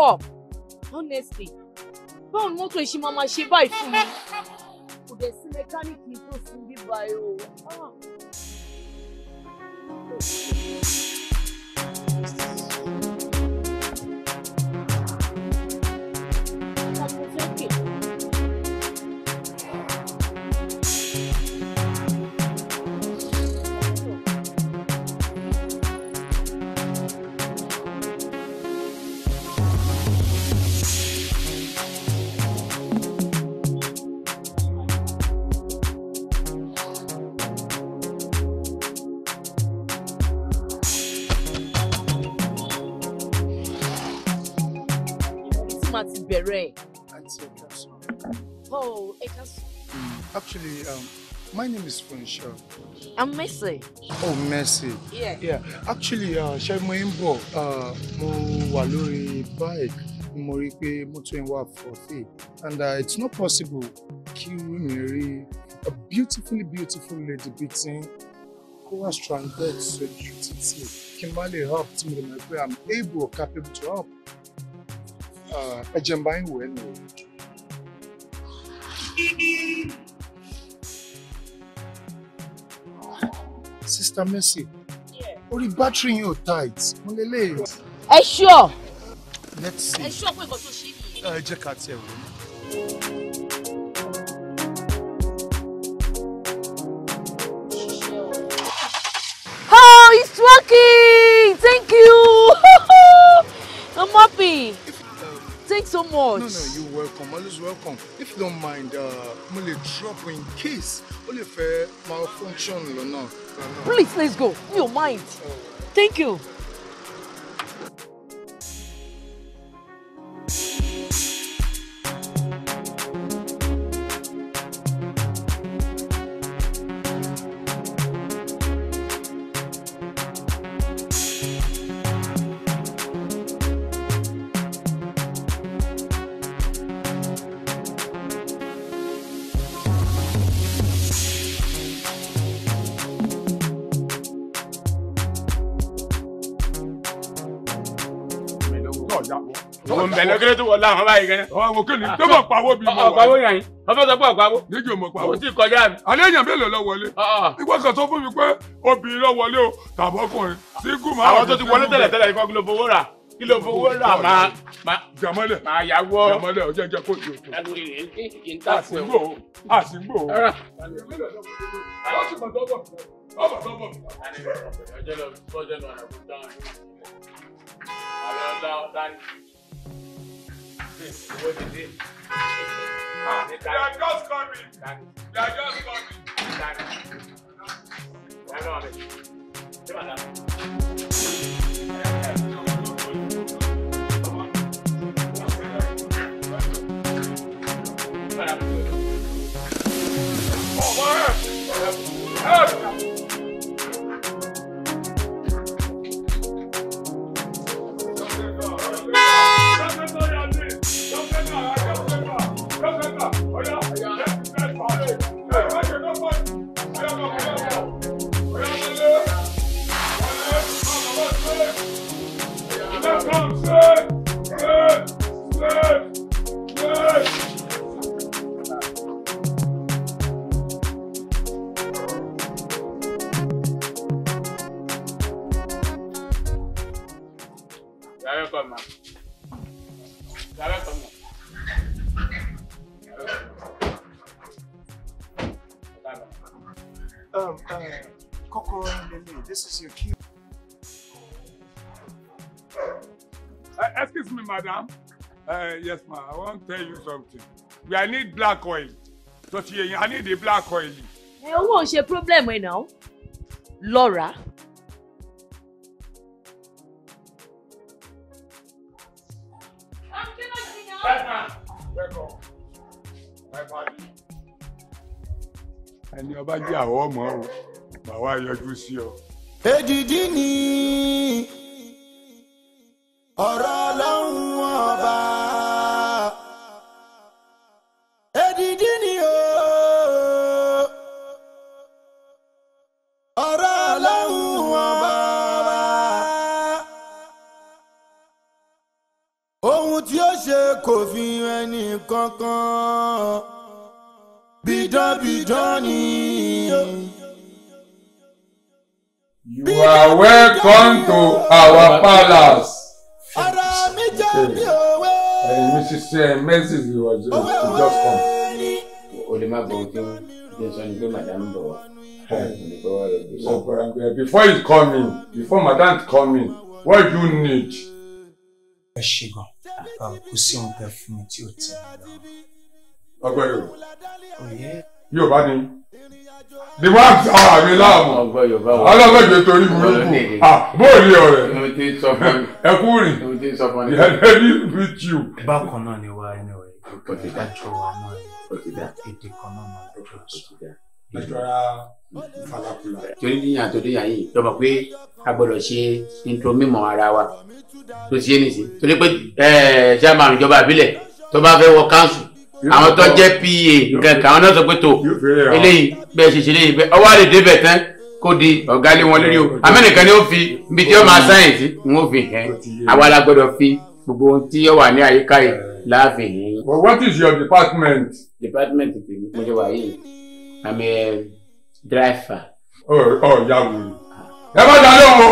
up honestly báwo ni mọ́tò ìṣe máa ma ṣe báyìí fún mi kò dẹ̀ sí mẹkáníìkì tó sí bí báyìí o. Ah. Oh, it has. Mm, actually, um, my name is Funsha. I'm Mercy. Oh, Mercy. Yeah. Yeah. Actually, uh, ṣe mo ń bọ̀, uh, mo wà lórí bike, mo rí for free and uh, it's not possible kí mi a beautifully beautiful lady beating who has stranded sójú títì kí n má lè help tí mo lè I'm able or capable to help. Uh, ẹ jẹ́ n bá yín Sister Mercy, orí bátìrì yín ò tight, mo lè lè. Ẹ sure. Let's see. Ẹ ṣọ́ pé nǹkan tó ṣe yìí. Ẹ jẹ́ Oh, it's working! Thank you! I'm happy. Thanks so much. No, no, you're welcome. Always welcome. If you don't mind, uh, mo drop in case only lè malfunction or not. Please, let's go. You mind. Oh. Thank you. làwọn báyìí gẹ́gẹ́. àwọn òkèlè tó mọ̀ pawó bí mo wà. ọ̀pọ̀ yàn yín ọ̀fẹ́ sọ pé ọ̀pọ̀. méjì ò mọ̀ pawó. o ti kọjá mi. alẹ́ èèyàn mélòó lọ wọlé. Ah, ah. ìgbà kan sọ fún mi pé obìnrin lọ wọlé o tàbọ́kùnrin síngù máa. àwọn tó ti wọlé tẹ́lẹ̀ tẹ́lẹ̀ ikọ́ kí ló fowó rà kí ló fowó rà máa. jàmọ́lẹ̀ màyàwọ́. jàmọ́lẹ̀ ọjọ́ jẹ́ kó jò. àsìgbò àsìgbò. ọjọ́ lọ sọ́jọ́ lọ àràbùtán. àrẹ ọ̀dá ọ̀dá ni. What is it? they are just coming. They are just coming. Come on a Come on welcome, ma'am. You are Um, uh, Coco Lily, this is your cue. Uh, excuse me, madam. Uh, yes, ma'am. I want to tell you something. We I need black oil. So, I need the black oil. Owó ń ṣe problem right now? Laura. lẹ́kọ̀ọ́ láìpàdé. ẹni ọba jẹ́ àwọ̀ ọmọ o mà yọjú sí ọ. èdìdí ni ọ̀rọ̀ ọlọ́run ọba. kankan bidọ́bidọ́ ni. You are welcome to our palace. ara mi jẹ́ bí òwe. ẹyin mi ṣiṣẹ́ message was just come. o lè má gbọ́ ojú ní sọ pé madam bọ̀ wá. Before he coming, before madam come in, what do you need? Ẹ ṣe àfa ah, kò sí ohun tẹ fún mi tí ò tẹ mi lọ. ọgbẹ́ yorùbá yorùbá ni ni wọ́n gba ara láàmú ọlọ́gbẹ̀gbẹ̀ torí burúkú ah, bóòlì ọ̀rẹ́ ẹkú rìn yẹlẹ́bí bí jù. bákan náà ni wàá ẹni ọ̀rẹ́ ìdájọ́ wa náà èdè kan náà máa ń jọ sọ lẹ́tọ́rà falakula. torí ní àtòdóyà yìí lọ pé a gbọ́dọ̀ ṣe nítorí mímọ̀ ara wa tó ṣe é nìsín torí pé ṣé ìjọba àbílẹ̀ tó bá fẹ́ wọ káńsù àwọn tó jẹ́ pa nǹkan kan àwọn náà sọ pé tó eléyìí bẹ́ẹ̀ ṣe ṣe léyìí bẹ́ẹ̀ ọwọ́ àlè débẹ̀ tán kó di ọ̀gá lé wọn lórí o amẹ́nìkan ni ó fi ibi tí ó máa sáyẹ̀nsì ń ó fi hẹ́ àwa la gbọ́dọ̀ fi gbogbo ohun tí ó wà ní àyíká yìí láàfin yìí. What is your department? department tèmi mo ṣe wà yìí. I'm a driver. ọ ya wù ú. ẹ má dalẹ̀ o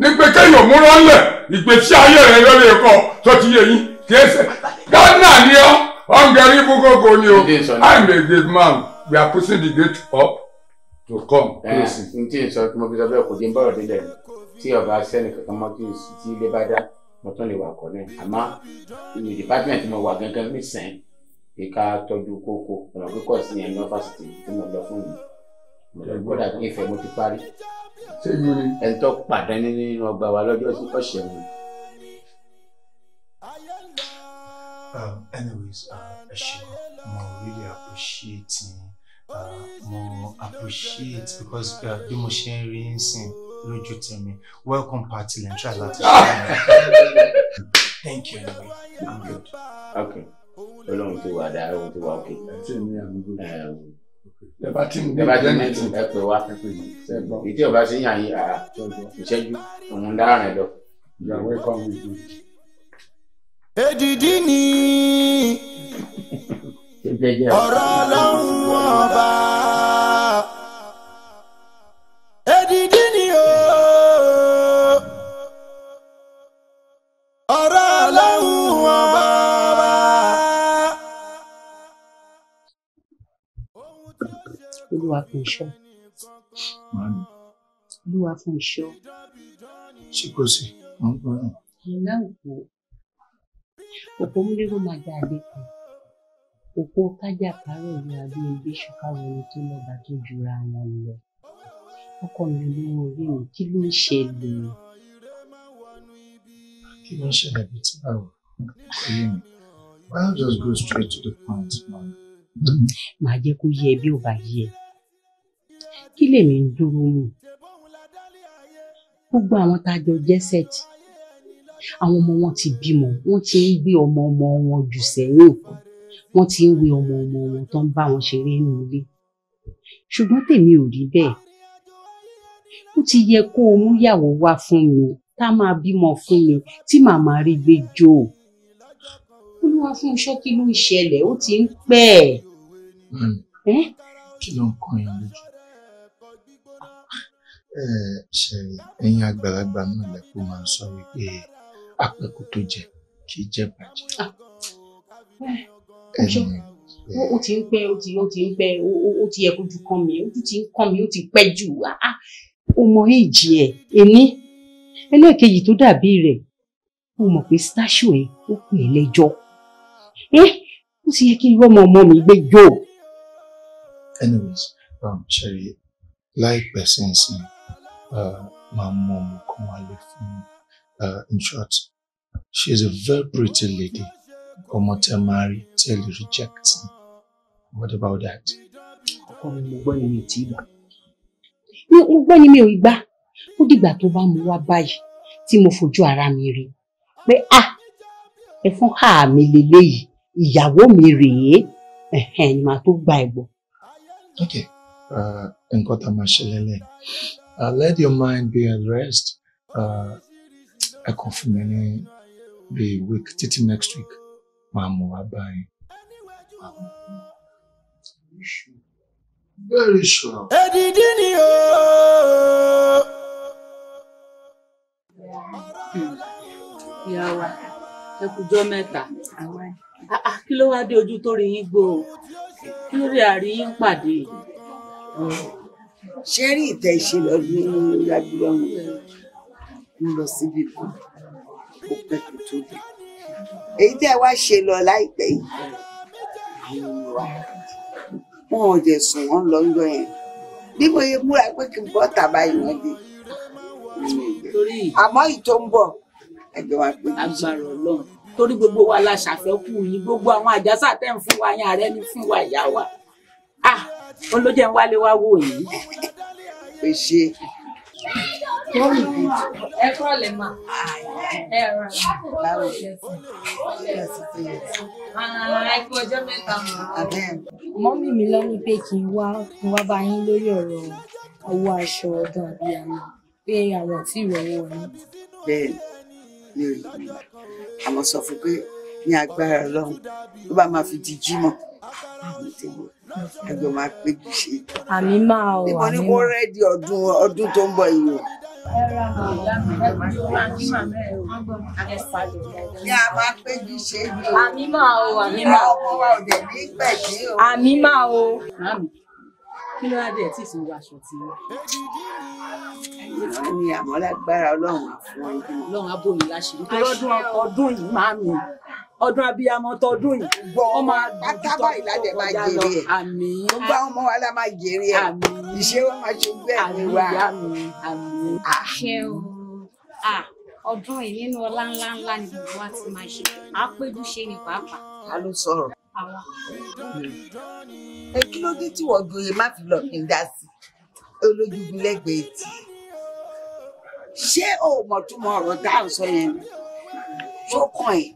ní pé kéèyàn múra ńlẹ̀ ìgbésí ayé rẹ̀ lórí ẹ̀kọ́ tó ti yé yín kì í ṣe Ghana ni ọ Hungary gbogbo ni o I'm a great man we are pushing the gate up to come closing. n tí n sọ tí mo fi sọ bẹ́ẹ̀ kò dé n bọ̀rọ̀ délẹ̀ tí ọba sẹ́ni kankan mọ́ tí ilé bá dá mo tún lè wà kọ́ náà àmọ́ ìdí department mo wà gangan nísìnyí pé tọ́jú kókó ọ̀nà kíkọ́ sí ẹ̀yìn ọ́fàsìtì tí mo lọ fún yìí gbọ́dọ̀ pé ìfẹ́ mo ti parí. ṣé pàdánù nínú ọgbà wa lọ́jọ́ sí ọ̀sẹ̀ mi. Um, anyways uh, ẹ really appreciate uh, mo appreciate because uh, bí mo ṣe ń rí ń sìn lójú tèmi welcome party lẹ́ńtà láti ṣe. thank you anyway i'm good. okay ọlọ́run ti wà dáa ọlọ́run ti wà òkè. Bẹ́ẹ̀ bá ti ń ní ìtún ẹ pè wá. Ìdí ọba ṣe yàn yín àrà ìṣẹ́jú òun ń dáràn ẹ lọ. Èdìdí ni ọ̀rọ̀ ọlọ́run ọba. olúwa fún iṣọ́. olúwa fún iṣọ́. ṣé kò sí mo ń òpó òpó múlẹ́rù máa dá adé kan òpó kájà kárọ̀ ní abẹ́ ṣùkárọ̀ ẹni tó lọ́ba tó jura wọn lọ. ọkọ mi ló ń rí mi kí ló ń ṣẹlẹ̀ kí ló ń ṣẹlẹ̀ bí tí báwo kò yé mi why not just go straight to the point man. màá jẹ́ kó yé ẹ bí kí lèmi ń dúró mú gbogbo àwọn tá a jọ jẹ́ sẹ́ẹ̀tì àwọn ọmọ wọn ti bímọ wọn ti ń gbé ọmọ ọmọ wọn jù sẹ́yìn wọn ti ń wé ọmọ ọmọ wọn tó ń bá wọn ṣeré nínú ilé ṣùgbọ́n tèmi ò rí bẹ́ẹ̀ ó ti yẹ kó o múyàwó wá fún mi tá a máa bímọ fún mi tí màmá rí gbé jó o olúwa fún un ṣọ́kí ló ń ṣẹlẹ̀ ó ti ń pẹ́ hmm. ẹ̀. kí ló ń kọ́ yẹn lójú ṣẹ̀rẹ̀ ẹ̀yin àgbàlagbà náà lẹ́kọ̀ọ́ máa ń sọ wípé àpẹ̀kù tó jẹ kì í jẹ bàjẹ́. ó ah. ti ń pẹ́ ó ti ó ti ń pẹ́ ó ti yẹ kójú kan mi ojú ti ń kan mi ó ti pẹ́ jù ó ah, ah. mọ èjì ẹ̀ ẹni ẹlẹ́ẹ̀kejì tó dàbí rẹ̀ ó mọ̀ pé stasio ẹ̀ ó pè é lẹ́jọ́ eh, ó ti yẹ kí irú ọmọ ọmọ mi gbé jó. anyways um, ṣẹ̀rẹ̀ like person sẹ́yìn Uh, máa mom, ọmọ kan uh, in short she is a very pretty lady ọmọ tẹ máa rí tell you? reject what about that. ọkọ mi you gbọ́ ni mi ò tí ì gbà mo gbọ́ ni mi ò gbà ó dìgbà tó bá mu wá báyìí tí mo fojú ara mi rí pé ah ẹ fún àmì lélẹ́yìí ìyàwó mi rèé ẹ̀hẹ̀n ni màá tó gba ẹ̀gbọ́n. ok uh, nǹkan a máa Uh, let your mind be at rest. Uh, ẹ kàn fún mi ní week títí next week Mamu mú wa Very sure. Edidi ni o. Ìyá wa, ẹ kújọ́ mẹ́ta. Ah, ah, kí ló wá dé ojú tó rí yín gbòò? Kí ló rí àrí yín pàdé? ṣé rí ìtẹ́ ìṣẹ̀lẹ̀ ọdún lágbèrè ọ̀hún ń lọ síbi kan ó pẹ́ kó tó dé èyí tẹ́ wá ṣe lọ láìpẹ́ yìí àwọn ọmọ wa wọn ò dẹ̀ sùn wọ́n lọ yọ yẹn bí mo yẹ múra pé kí n bọ́ tàbá ìwọ̀n dé àmọ́ ìtò ń bọ̀ ẹgbẹ́ wa pé agbára ọlọ́run torí gbogbo wa la ṣàfẹ́kù yín gbogbo àwọn àjàsà tẹ́ ń fún wa yẹn ààrẹ ni fún wa ìyá wa ah! ó ló jẹ́ ń wálé wá wò yìí. ẹ ṣe. ẹ kúrò lè mà. ẹ rà. báwo ẹ kú ọjọ́ mẹ́ta mọ́. mọ́mí mi lọ ní pé kí n wá kí n wá bá yín lórí ọ̀rọ̀ owó aṣọ ọdún àbí àmì pé àwọn tí ìrọ̀wọ́ ni. bẹ́ẹ̀ni mi ò rí àwọn sọ fún pé ní agbára Ọlọ́run ló bá máa fi di jímọ̀ àwọn tèmi àjọ máa péjú ṣe. àmì máa ọ àmì máa. níbo kò rẹ́ẹ̀dì ọdún ọdún tó ń bọ̀ yìí o. Àmì máa o, kí ló dé tí ìsìn wa aṣọ ti wá? Ẹyin àmọ́ lágbára Ọlọ́run àfọwọ́ ibi. Ọlọ́run á bò ọdún yìí máa mi ọdún abiyamọ tọdún yìí. gbọ́ ọmọ pátábà ìlàdẹ̀ máa jèrè ẹ̀. àmín. ó gbá ọmọ wa la máa jèrè ẹ̀. àmín. ìṣe wa máa ṣe gbé ẹ̀mí wa. àmín àmín. àṣẹ o ọdún yìí nínú ọlá ńlá ńlá ni gbogbo wa ti máa ṣe àpéjú ṣe ni pàápàá. a ló sọ̀rọ̀. ẹ kí ló dé tí wọ́n gboyè e má fi lọ kí n dá sí olójúgun lẹ́gbẹ̀ẹ́ tì ṣé o mọ̀túmọ̀ ọ̀rọ̀ dáhùn sọ yẹn ṣókàn ẹ̀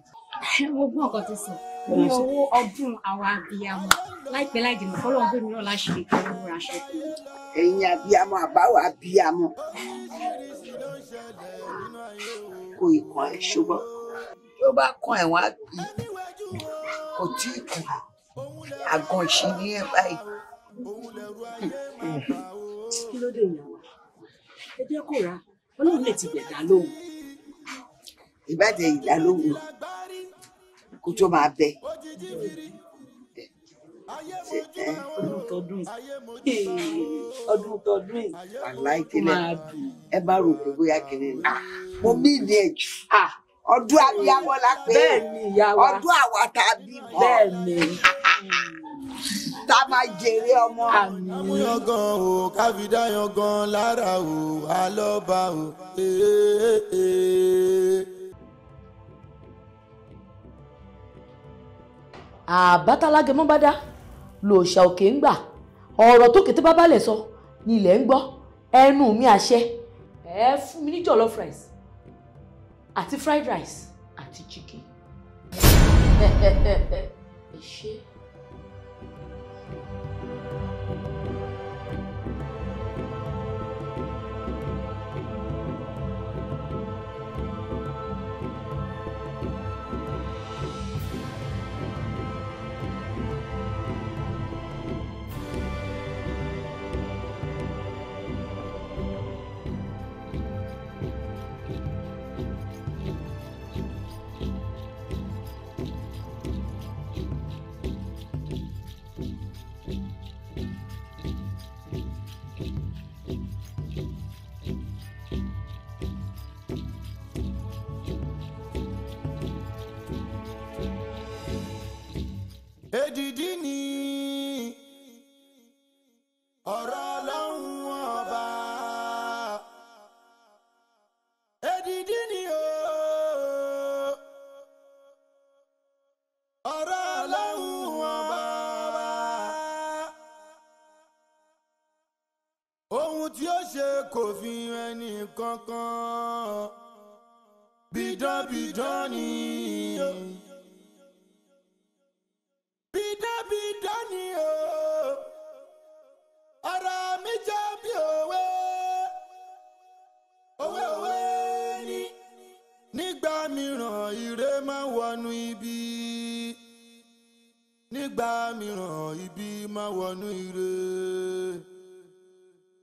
gbogbo ọkọ ti sọ ní owó ọdún àwọn abiyamọ láìpẹ́ láì jìnnà kọlọ ń gbẹmí náà láṣìírí kí wọn múra aṣọ kan. ẹ̀yin abiyamọ àbáwọ abiyamọ kò ìkan ẹ ṣùgbọ́n tí bá kan ẹ wá kò tí ì kù àgàn ṣe ní ẹ báyìí. kí ló dé ìyàwó ẹ jẹ́ kó ra Ọlọ́run lè ti gbẹ̀dá lóhùn. ìbàdàn ìdá lóhùn kó tó máa bẹ ọdún ọdún tọdún aláìkílẹ ẹ bá rò pé bóyá kiri ni ah. mo bí ìdí ẹ jù ah. ọdún abiyamọ la pé ọdún àwa tá a bí mọ tá a máa jèrè ọmọ. àmúyangàn o káfíńdáyangàn lára o alọ́ba o. Eh, eh, eh, àbátalágẹmọ bá dá lòòṣà òkè ń gbà ọ̀rọ̀ tó kété bá balẹ̀ sọ ni ilẹ̀ ń gbọ́ ẹnu mi àṣẹ ẹ fún mi ní jollof rice àti fried rice àti chicken ẹ ṣe.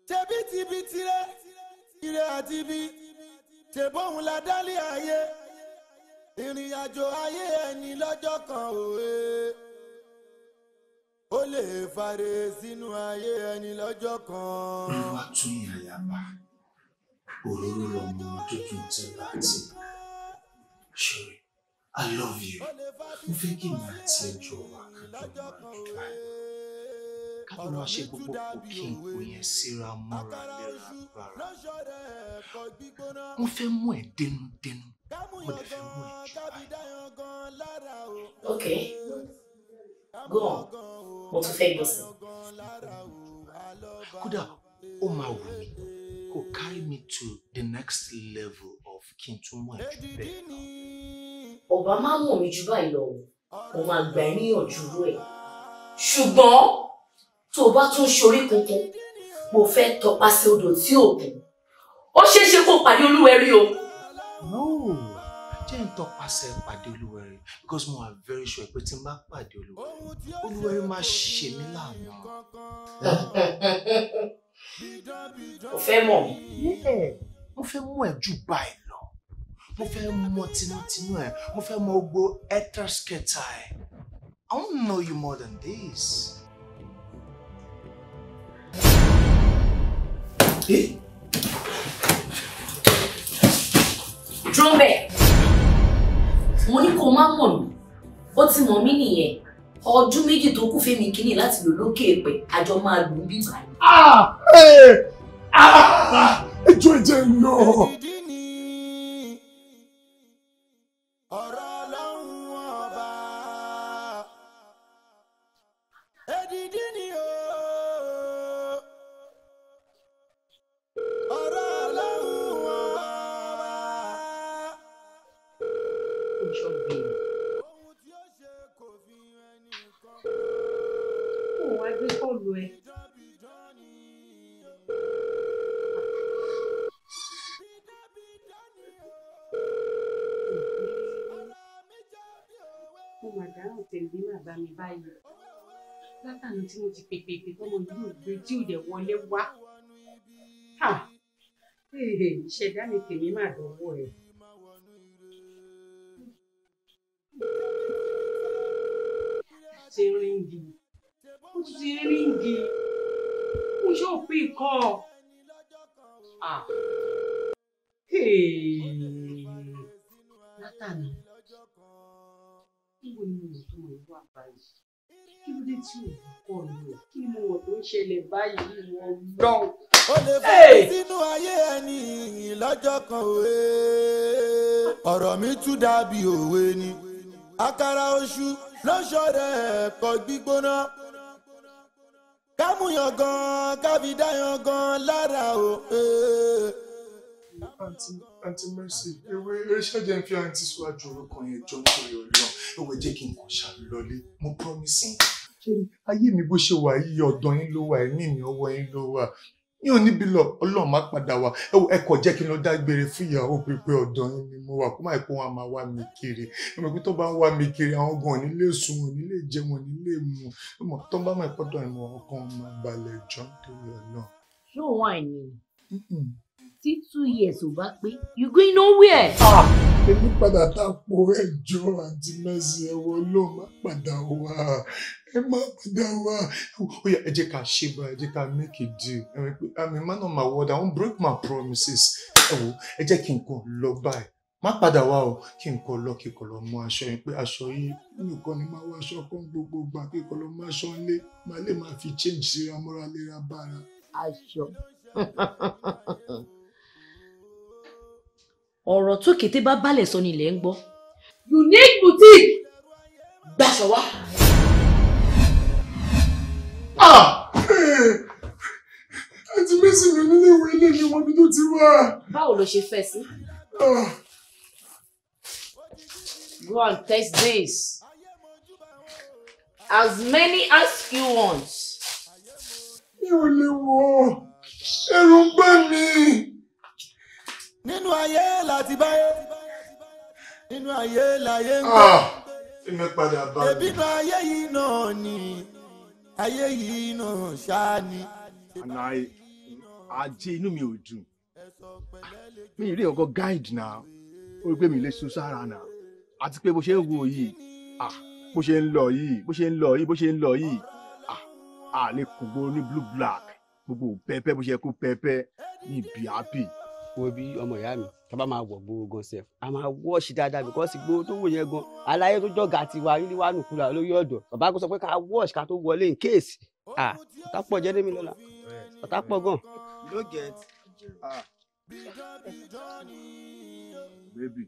tẹbí ti bi tirẹ̀ àti bi tẹbọhùn la dálé ayé ìrìn àjò ayé ẹni lọ́jọ́ kan òwe ó lè fàre sínú ayé ẹni lọ́jọ́ kan. olúwa tún àyàbá òróró lọmọ tuntun tí bá ti bá ṣe i love you mo fẹ́ kí n àti ẹjọ́ wa kájọ máa dúpẹ́ ká ló máa ṣe gbogbo òkè ìpò síra mọ́ra lẹ́ra rárá wọ́n fẹ́ mú ẹ dénúdénú wọ́n lè fẹ́ mú ẹ jù báyìí. ok go on mo tún fẹ́ gbọ́ kódà ó máa wù mí kó carry me to the next level of kí n tún mú ẹ jù bẹ́ẹ̀ lọ. ọba máa ń mọ̀ mí jù báyìí lọ mo máa gbà ẹ́ níyànjú rẹ̀ ṣùgbọ́n tó o bá tún ṣorí kunkun mo fẹ́ tọpasẹ̀ odò tí ò kù ó ṣeé ṣe kó pàdé olúwẹ̀rí o. no jẹ́ n tọpasẹ̀ pàdé olúwẹ̀rí because mo are very sure pé tí n bá pàdé olúwẹ̀rí olúwẹ̀rí máa ṣe mí láàánú. o fẹ́ mọ̀ mi. mo fẹ́ mú ẹ jù báyìí lọ mo fẹ́ mọ tinútinú ẹ mo fẹ́ mọ gbogbo ẹtẹ́skẹta ẹ I don't know you more than this. dúró bẹ́ẹ̀ mo ní kó má mọ̀ lù ó ti mọ̀ mí nìyẹn ọdún méjì tó kù fẹ́mi kínní láti lò lókè èpè àjọ máa lù ú bí ìgbà yìí. ẹjọ́ ẹ̀jẹ̀ ń lọ. ọ̀rọ̀ mi báyìí látàná tí mo ti pèpèpè tọmọ yìí ò gbé tí ò dẹ̀ wọlé wá ìṣẹ̀dá mi tèmi máa dánwò ẹ̀. báyìí ọ̀rọ̀ mi tún dàbí òwe ni àkàrà oṣù lọ́ṣọ́ rẹ̀ kọ gbígbóná kámúyàn gan kábídáyàn gan lára o. Eh àǹtí mercy ewé eréṣẹ́ jẹ́ ń fi àǹtí síwájú orúkọ yẹn jọ nítorí ọlọ́run ewé jẹ́ kí n kò ṣàlọ́lé mo promise yín ayé mi bó ṣe wà yìí ọ̀dọ̀ yín ló wà ẹ̀mí mi ọwọ́ yín ló wà ní òníbi lọ ọlọ́run má padà wá ẹ kò jẹ́ kí n lọ dágbére fún ìyàwó pípé ọ̀dọ̀ yín ni mo wà kó má pé wọn máa wá mi kiri ẹmọ pé tó bá ń wá mi kiri àwọn gan nílé sùn wọn nílé jẹ wọn nílé mu ẹmọ tó bá máa pọ́dọ̀ ìmọ̀ ọkàn máa balẹ̀ jọ́ nítorí ẹ̀ náà. ṣé òun àìní tí two years ò bá pé you going nowhere. Ah! èmi padà tá a po ẹjọ́ àti mẹ́sì ẹ̀wọ̀ ló má padà wá ẹ má padà wá. ó yá ẹ jẹ́ ká ṣe bá ẹ jẹ́ ká make a deal ẹ̀mí pé àmì man of my word I won't break my promises ẹ wo ẹ jẹ́ kí n kàn lọ báyìí má padà wá o kí n kọ lọ kí kọ lọ mú aṣọ yẹn pé aṣọ yìí nìkan ni máa wá aṣọ kan gbogbo gbà kí kọ lọ mú aṣọ ńlé máa lè máa fi change síra mọ́ra léra bára. aṣọ ọ̀rọ̀ tó kété bá balẹ̀ sọ ni ilẹ̀ ń gbọ́. unique boutique gbaṣọ wa. Ah! àti mẹ́sìn mi nílé ìwé ilé mi wọn ni tó ti wá. báwo ló ṣe fẹ́ sí. Ah! Go and test this as many as you want. mi ò lè wọ ẹ̀rù ń bà nínú ayé láti báyé nínú ayé láyé ń bọ̀ ah, ẹbí nu ayé yìí náà ni ayé yìí náà ṣáá ni. ajé inú mi ò dùn ah, mi rí ọkọ guide na, ó rí mi lè so sára náà àti pé bó ṣe ń wo yìí ah, bó ṣe ń lọ yìí bó ṣe ń lọ yìí bó ṣe ń lọ yìí à lè ní blue black gbogbo pẹpẹ bó ṣe kó pẹpẹ ní ibi wo bí ọmọ ìyá mi tá a bá máa wọ̀ gbowó gan sef a máa wọ́ọ̀ṣì dáadáa bíkọ́sì gbowó tó wò yẹn gan aláyé tó jọ̀gà ti wá rí wà nùkúlà lórí ọ̀dọ̀ bàbá kò sọ pé ká wọ́ọ̀ṣì ká tó wọlé in case ah ọ̀tá pọ̀ jẹ́ lémi lọ́la ọ̀tá pọ̀ gan. no get ah baby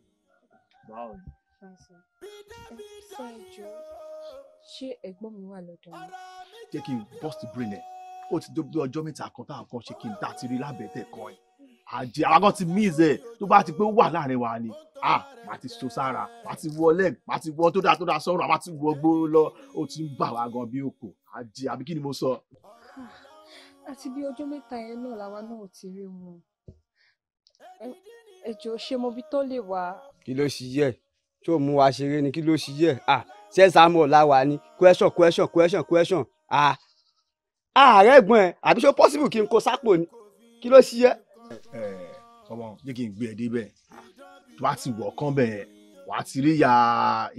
báwo ni. ṣe ẹjọ ṣé ẹ̀gbọ́n mi wà lọ́dọ̀ mi. jẹ́ kí n burst brain ẹ̀ ó ti dóbi ọjọ́ mẹ́ta kan táwọn kan ṣe kí n dá ti rí lábẹ́ tẹ̀ kan ẹ̀ àjẹ àwọn ti miss ẹ tó bá ti pé ó wà láàrin wa ni ah má ti so sára má ti wọ leg má ti wọ tó dáa tó dáa sọ̀rọ̀ má ti wọ gbóró lọ ó ti ń bà wá gan bí òkò àjẹ àbí kí ni mo sọ. Ah, àti bí ọjọ́ mẹ́ta yẹn náà làwa náà ò ti rí wọn ẹjọ ṣe mo bí tó lè wá. kí ló ṣe yẹ tí mú wa ṣeré ni kí ló ṣe yẹ ah ṣé samuel láwa ni question question question question ah ààrẹ ah, ẹ̀gbọ́n ẹ àbí ṣó possible kí n kó sápò ni kí ló ṣe yẹ ọmọ eh, eh, jẹ́ kí n gbé ẹ débẹ̀ tó bá ti wọ̀ kán bẹ̀ wàá ti rí ya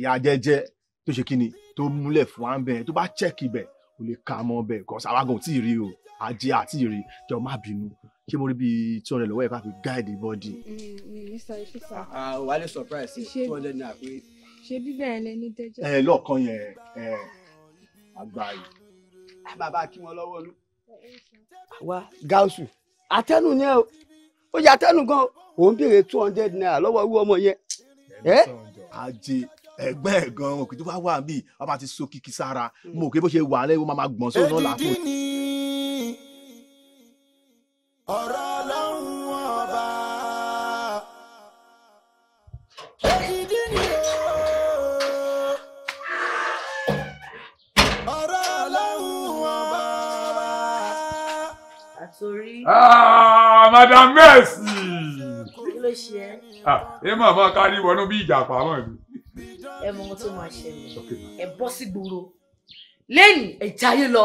ya jẹ́jẹ́ tó ṣe kíni tó múlẹ̀ fún wa ń bẹ̀ tó bá chẹ́ẹ̀kì bẹ̀ o lè ka mọ́ bẹ̀ kọ́ sàwágùn tí ì rí o ajé àti ìrì jọ má bínú ṣé mo rí bí two hundred lọ́wọ́ ẹ̀ ká fi guide body. mr ifisa ah, ah, wà á lè surprise two hundred naira pé. ṣe bíbẹ̀ ẹ lẹ ní dẹ́jẹ́. ẹ eh, lọ́ọ̀kan yẹn ẹ àgbà yìí. Ah, bàbá kí wọn lọ́wọ́ olú. wa gáúsù àtẹnu yẹn o ó yà àtẹnu gan ò ń béèrè two hundred naira lọ́wọ́ irú ọmọ yẹn. ajé ẹgbẹ́ ẹ̀ gan-an òkè tó bá wà mí ọba ti so kìkì sára mo kì í bó ṣe wà á lẹ́yìn ó máa gbọ̀n sóun náà làákò. madam mercy. kí ló ṣe ẹ. máa máa kárí wọnú bí ìjà pamọ́ mi. ẹ mọ ohun tó máa ṣẹlẹ̀ ẹ bọ́ sí gbòòrò lẹ́yìn ẹ jayé lọ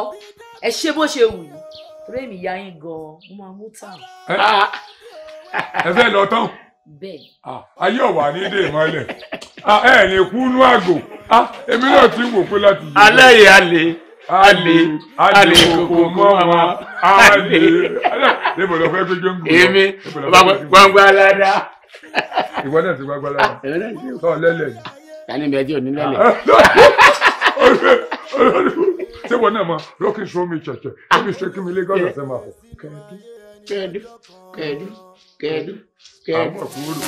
ẹ ṣe bó ṣe wù yìí torí èmi ya yín gan-an mo máa mú tàn. ẹ fẹ́ lọ tán. bẹ́ẹ̀. ayé ọ̀wà ní dè mọ́lẹ̀ ẹ ní kúnú àgò èmi náà ti wò pé láti yẹ. alẹ́ yìí a lè a lè a lè kókó mọ́ wọn a lè níbo ló fẹ́ péjọ ń gbòòrò èmi gbangba alada. ìwọ náà ti gbangba alada tọ́ lẹ́lẹ̀ ni. yanni bẹ́ẹ̀ tí ò ní lẹ́lẹ̀. ṣé wọn náà mọ lókè sọ mi ṣẹṣẹ ẹbí ṣe kí mi lé gọdọ ṣe eh. máa fọ. kẹẹdú kẹẹdú kẹẹdú kẹẹdú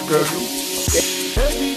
kẹẹdú.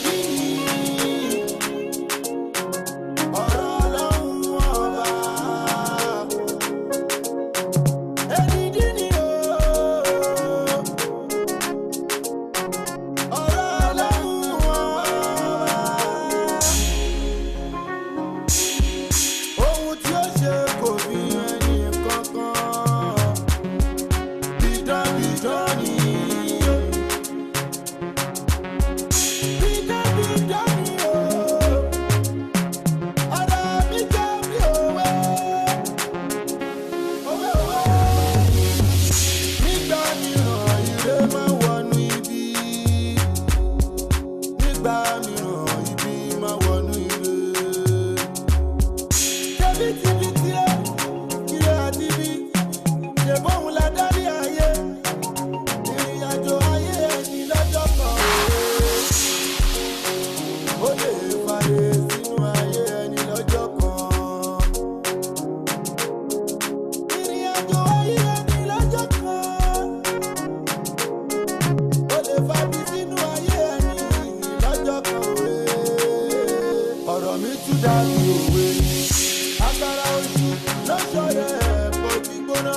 ọ̀rọ̀ mi tún dàbí òwe. agbára oṣù lọ́sọ̀rọ̀ ẹ̀pọ̀ gbígbóná.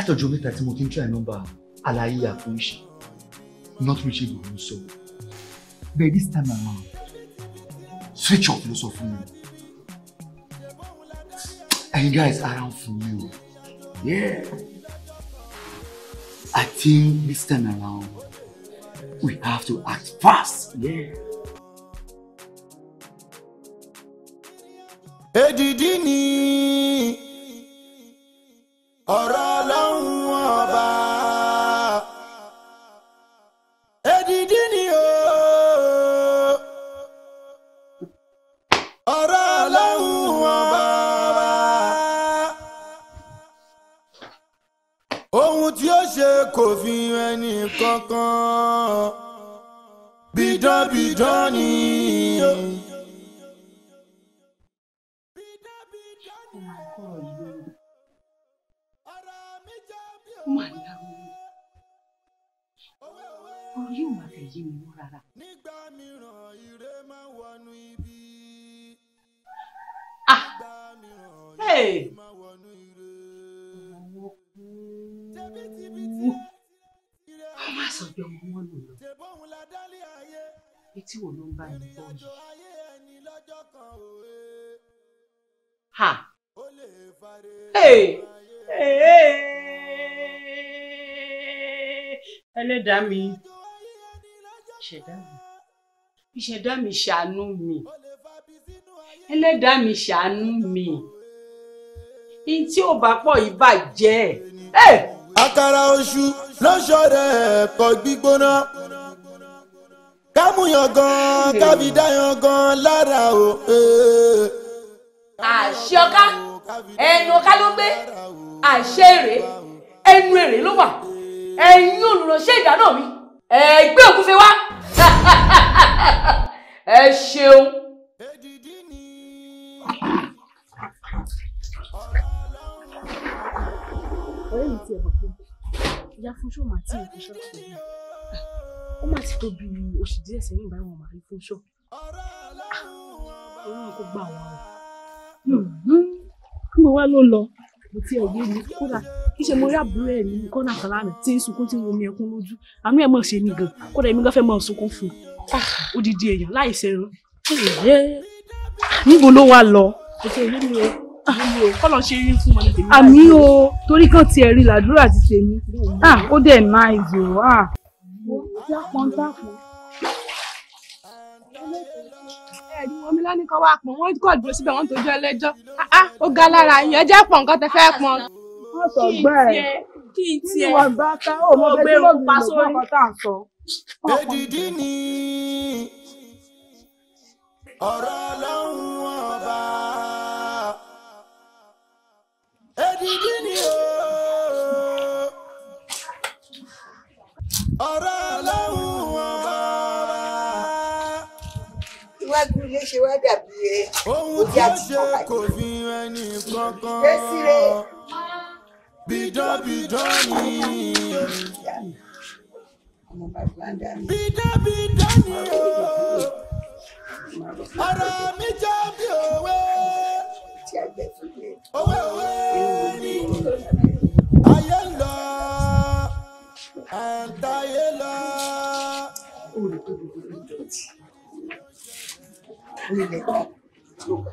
látọjọ́ mẹ́ta tí mo ti ń try nọ́mbà àlàyé àfúnṣe not reachable ló so. but this time around switch off ló sọ fún mi ẹ̀yin guys ara ń fún mi o yeah I think this time around we have to act fast yeah. èdìdí ni ẹlẹ́dàá mi ìṣẹ̀dá mi ìṣẹ̀dá mi ṣàánú mi ẹlẹ́dàá mi ṣàánú mi ihun tí ò bá pọ̀ yìí bàjẹ́ ẹ̀. àkàrà oṣù lọ́sọ̀rọ̀ ẹ̀kọ́ gbígbóná kámúyàn gan kábídáyàn gan lára o. Eh. àṣọká ẹnu ọ̀ká ló gbé àṣẹ èrè ẹnu èrè ló wà ẹ̀yin olùránṣẹ́ ìdáná mi ẹ̀gbẹ́ òkúfe wá ẹ ṣeun. ọ̀rẹ́ mi ti ẹ̀bọ̀ pé ìyá fúnṣọ́ máa tí ìlú ṣọ́ọ̀ṣì rẹ̀ ó máa ti tó oṣù díẹ̀ sẹ́yìn báyìí wọn máa rí fúnṣọ́ ah, òun kò gbà wọ́n rẹ̀ mo wá ló lọ mo ti ẹ̀gbẹ́ mi kódà kí ṣe mo rí àbúrò ẹ̀ ní kọ́nà kan lánàá tí ń sunkún tí ń omi ẹkún lójú àánú ẹ̀ mọ̀ ṣe mí gan kódà èmi gan fẹ́ mọ̀ sunkún fún un ah. odidi èèyàn láì ṣẹran ah, níbo ló wá lọ ah. kọ́lọ̀ ṣe rí fún wọn ní tèmi. àmì o torí kan tiẹ̀ rí làdúrà ti tèmi ó dẹ̀ máa ìzò. ẹ̀rí wọn mi lọ́nìkan wá pọ̀ wọ́n kọ̀ dúró síbẹ̀ wọ́n tójú ẹlẹ́jọ́ ah, ah, ó ga lára ìyẹn jẹ́ pọ̀ nǹkan tẹ fẹ́ pọ̀. wọ́n sọ bẹ́ẹ̀ kí n tiẹ̀ kí wọ́n bá ká ó mọ bẹ́ẹ̀ tó lóògùn lọ́kọ̀ tá à ń sọ. èdìdí ni ọ̀rọ̀ ọlọ́run ọba èdìdí ni ọ̀rọ̀ yé ṣe wá dàbí ẹ òbí àti pàtàkì gbèsè bidọ́bidọ́ ni bidọ́bidọ́ ni o ọ̀rọ̀ mi jọ bí òwe òwe òwe ni ayé ń lọ àǹtayé lọ. Mommy, tó kà.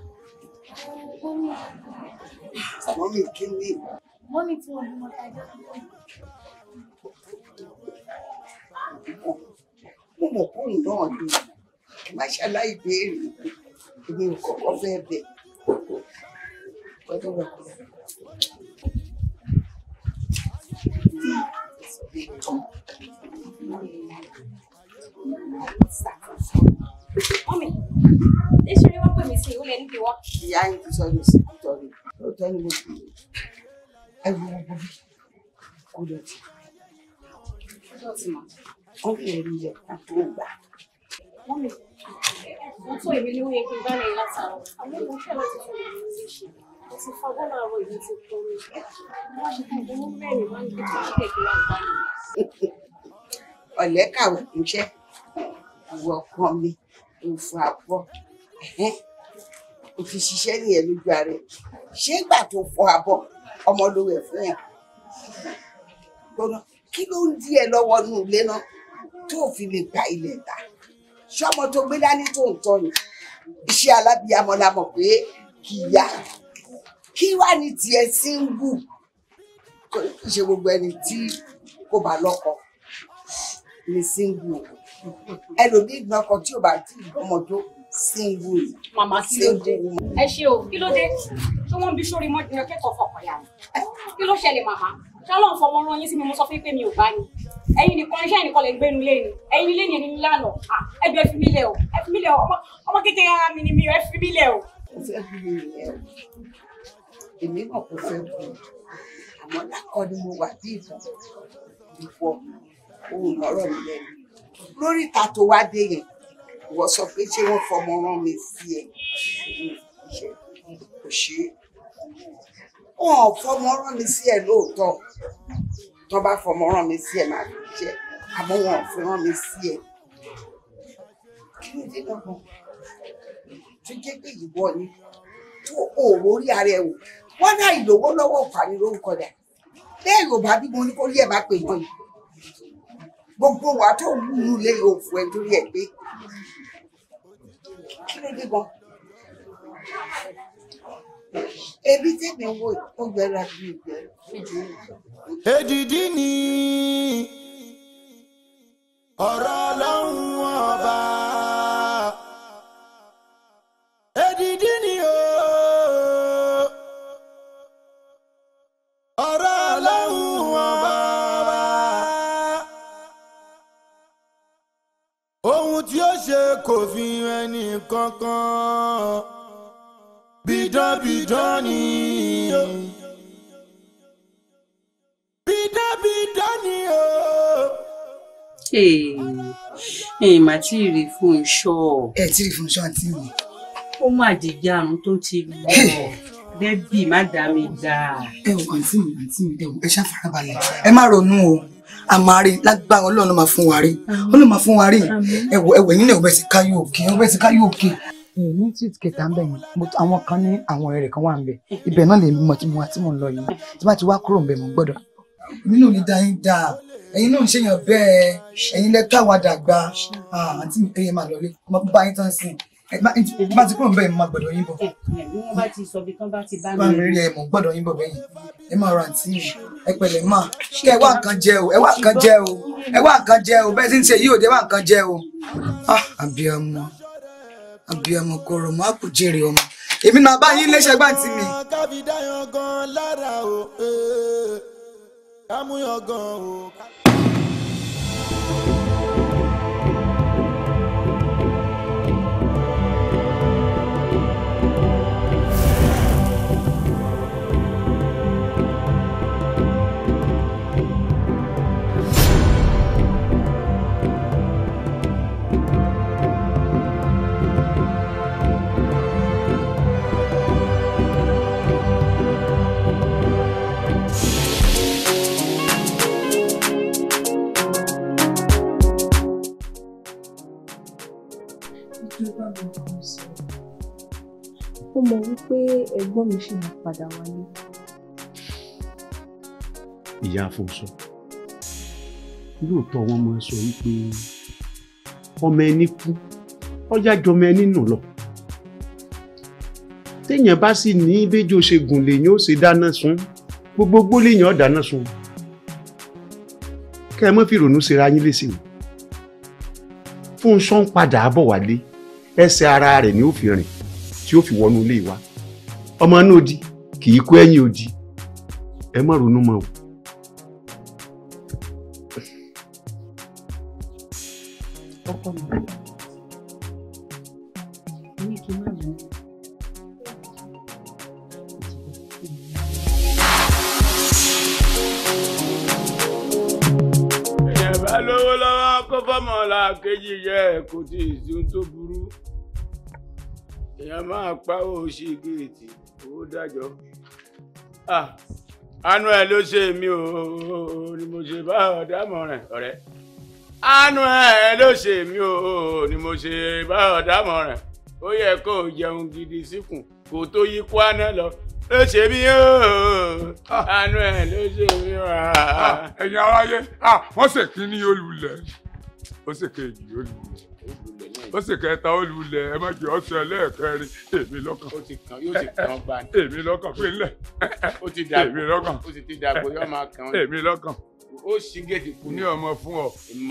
mọ́mí kí ni. mọ́mí tí wọ́n mọ dájọ́ mo mọ̀ kóun náà ni kí má ṣàlàyé béèrè èmi ò kọ́kọ́ bẹ́ẹ̀ bẹ́ẹ̀. Thank you mọ́mì èsì rẹ wọ́n pè mí sí ìwúlẹ̀ níbi wọn. ìyá yín ti sọ yìí sí nítorí lóòótọ́ ni mo ti ẹrù wọn bọ́bí kó dọ̀tí. wọ́n fi ẹ̀rí yẹ kó gbà. mọ́mì wọ́n tó èmi ní oye kí n bá lẹ́yìn látàrọ̀ àmọ́ mo fẹ́ láti fún mi ní ṣe mo ti fa bọ́ọ̀lù àárọ̀ ìlú ti kọ́ mi wọ́n ti fi ìdúró mẹ́rin máa ń gbé tó kékeré àgbáyé. ọ̀lẹ́ kàwé ń jẹ́ ìwọ ọkàn mi òfò àbọ̀ òfin ṣiṣẹ́ nìyẹn lójú ààrẹ ṣé ìgbà tó fọ àbọ̀ ọmọ ló wẹ̀ fún yàn gbọ́dọ̀ kí ló ń di ẹ e lọ́wọ́ nù ilé náà tó fi lè gba ilẹ̀ ta ṣọmọ tó gbé dání tó ń tọ́ ni iṣẹ́ alábìyamọ la mọ̀ pé kì í yá kí wàá ní tiẹ̀ e síngù kò ṣe gbogbo ẹni tí kò bá lọ́kọ ní síngù o ẹlòmíì gbọ́n kan tí ò bá tí ì gbọ́mọ tó síngù ni. màmá kí ló dé ẹ ṣe o kí ló dé tí wọ́n ń bí sórí mọ́ ìyàn kẹ́kọ̀ọ́ fọkàn yà ni kí ló ṣẹlẹ̀ màmá ṣálọ̀ ń fọwọ́ rán yín sí mi mo sọ fún pé mi ò bá ni ẹ̀yin nìkan iṣẹ́ nìkan lè gbénu lé ni ẹ̀yin ilé yẹn ni lánàá ẹbí ẹ fi mí lẹ̀ o ẹ fi mí lẹ̀ o ọmọ kékeré ara mi ni mi ẹ fi mí lẹ̀ o. mo fẹ́ fi mi lẹ̀ o èmi mọ̀ kó fẹ́ bu àmọ́ lákọ́ ni mo wà bí ìfọ̀ ìfọ̀ òun lọ́rọ̀ mi lẹ́nu lórí ìta tó wá dé yẹn ìwọ sọ pé ṣé wọn fọmọ rán mi sí ẹ kò ṣe é wọn ò fọmọ rán mi sí ẹ lóòótọ́ tó bá fọmọ rán mi sí ẹ máa fi jẹ àmọ́ wọn ò fi rán mi sí ẹ kí ló dé lọgbọn tó jẹ pé ìwọ ni tó òòrò orí ara ẹ wò wọn náà ìlówó lọ́wọ́ òfàní lórúkọ dà bẹ́ẹ̀ yorùbá bí mo ní kó rí ẹ bá pè wọn yìí gbogbo wa tó wúlú lé òfò ẹ torí ẹ pé kí ló dé gan. ebi tẹ̀mí wo ọgbẹ́ra bí ìgbẹ́. èdìdí ni ọ̀rọ̀ ọlọ́run ọba. kò fi ẹnì kankan bidọ́bidọ́ ni o bidọ́bidọ́ ni o. ẹ mà tí ì rí fún iṣọ. ẹ tí ì rí fún iṣọ àti mi. ó má jìjà àrùn tó ti lọ bẹ́ẹ̀ bí má dá mi dáa. ẹ wọ àǹtí mi àǹtí mi ẹ ṣàfarabalẹ̀ ẹ má ronú o a máa rí lágbára ọlọ́run máa fún wa rí ọlọ́run máa fún wa rí ẹ̀wọ̀ ẹ̀wọ̀ yín náà ọbẹ̀ sí káyọ̀ òkè ọbẹ̀ sí káyọ̀ òkè. ní tíìtì kẹta ń bẹ̀ yẹn àwọn kan ní àwọn ẹ̀rẹ̀ kan wà ń bẹ̀ ibẹ̀ náà lè mọ tí mo wá tí mo ń lọ yìí tí bá ti wá kúrò ń bẹ̀ mo gbọ́dọ̀. mi náà ní dáa ń dáa ẹ̀yin náà ń ṣèyàn bẹ́ẹ̀ ẹ̀yin lẹ́ka wa dàgbà ah, àti ẹ̀yẹ máa lọ Eh, eh, eh, bá ti kúrò ń bẹ́ẹ̀ mo máa yín bọ̀. bí wọ́n ti mọ̀ yín wá nǹkan jẹ o ẹ wá nǹkan jẹ o ẹ wá nǹkan jẹ o ti ń ṣe wá nǹkan jẹ o. àbíọmọ àbíọmọ kò mọ ọmọ èmi náà bá yín léṣe gbá ti mi. gan lára o kó mọ wípé ẹ̀gbọ́n mi ṣì máa padà wálé. ìyá Afúnṣọ lóòótọ́ wọ́n máa ń sọ wípé ọmọ ẹni kú ọjà jọmọ ẹni nù lọ téèyàn bá sì ní béjò ṣe gùn lèyàn ó ṣe dáná sun gbogbogbò lèyàn ó dáná sun kẹ ẹ mọ fi rònú ṣe ra yín léṣe o Fúnṣọ́ ń padà bọ̀ wálé ẹsẹ̀ ara rẹ̀ ni ó fi rìn tí ó fi wọnú ilé wa ọmọ inú odi kì í kú ẹ̀yìn odi ẹ má ronú o. ọkọ mi ní kí n má bá lówó lọ́wọ́ kó kejì yẹ kò tí ì sí ohun tó èèyàn máa pawó sí géètì owó dájọ́ àánú ló ṣe mí o ni mo ṣe bá ọ̀dàmọ̀ràn ọ̀rẹ́ àánú ló ṣe mí o ni mo ṣe bá ọ̀dàmọ̀ràn ó yẹ kó o jẹun gidi síkùn kó tó yí kwana lọ ló ṣe mí o àánú ẹ ló ṣe mí o. ẹ̀yin aráyé wọ́n ṣèkí ní olùlẹ̀ ó ṣèkejì olùlẹ̀ ọ̀sẹ̀ kẹta ó lulẹ̀ ẹ má jẹ́ ọ̀sẹ̀ ẹlẹ́ẹ̀kẹrin èmi lọ́kàn ó ti kàn yóò ti kàn bá ní èmi lọ́kàn pé ńlẹ̀ ó ti dàgbò èmi lọ́kàn ó ti ti dàgbò yóò máa kàn èmi lọ́kàn ó ṣí géètì kú ní ọmọ fún ọ ní